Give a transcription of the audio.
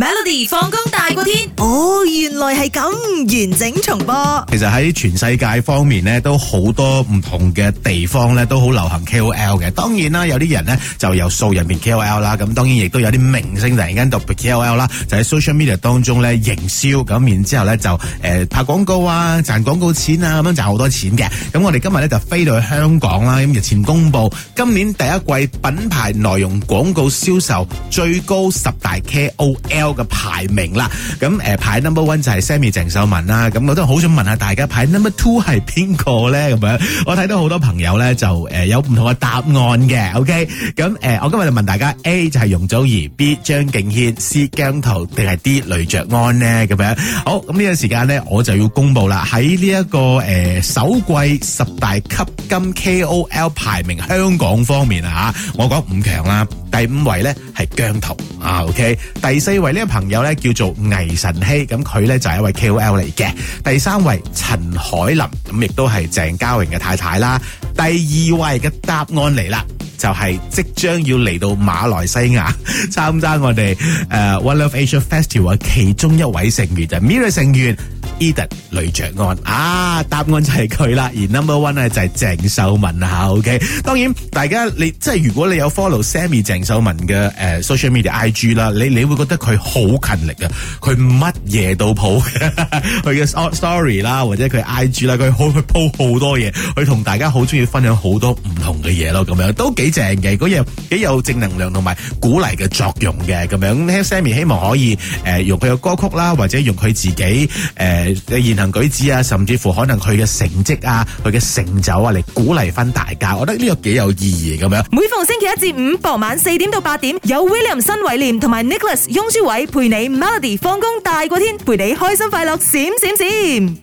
Melody 放工大過天，哦，原來係咁。完整重播。其實喺全世界方面呢，都好多唔同嘅地方咧，都好流行 K O L 嘅。當然啦，有啲人呢就由素人變 K O L 啦。咁當然亦都有啲明星突然間做 K O L 啦，就喺 social media 當中咧營銷。咁然之後咧就誒拍廣告啊，賺廣告錢啊，咁樣賺好多錢嘅。咁我哋今日咧就飛到去香港啦，咁日前公布今年第一季品牌內容廣告銷售最高十大 K O L。個排名啦，咁誒排 number one 就係 Sammy 鄭秀文啦，咁我都好想問下大家排 number two 係邊個咧？咁樣我睇到好多朋友咧就誒有唔同嘅答案嘅，OK，咁誒我今日就問大家 A 就係容祖兒，B 張敬軒，C 姜濤定係 D 呂爵安咧？咁樣好，咁呢個時間咧我就要公佈啦，喺呢一個誒首季十大吸金 KOL 排名香港方面啊，我講五強啦，第五位咧係姜濤啊，OK，第四位咧。呢位朋友咧叫做魏晨曦，咁佢咧就係一位 K O L 嚟嘅。第三位陳凱琳，咁亦都係鄭嘉穎嘅太太啦。第二位嘅答案嚟啦，就係、是、即將要嚟到馬來西亞參加我哋誒、uh, One Love Asia Festival 嘅其中一位成員就是、Mirror 成員。Edan 呂爵安啊，答案就係佢啦，而 number one 咧就係鄭秀文啊，OK，當然大家你即係如果你有 follow Sammy 鄭秀文嘅誒 social media IG 啦，你你會覺得佢好勤力啊，佢乜嘢都鋪，佢 嘅 story 啦，或者佢 IG 啦，佢好去鋪好多嘢，去同大家好中意分享好多唔同嘅嘢咯，咁樣都幾正嘅，嗰嘢幾有正能量同埋鼓勵嘅作用嘅，咁樣 Sammy 希望可以誒、呃、用佢嘅歌曲啦，或者用佢自己誒。呃言行舉止啊，甚至乎可能佢嘅成績啊，佢嘅成就啊嚟鼓勵翻大家，我覺得呢個幾有意義咁樣。每逢星期一至五傍晚四點到八點，有 William 新偉廉同埋 Nicholas 雍舒偉陪你 Melody 放工大過天，陪你開心快樂閃閃閃。閃閃閃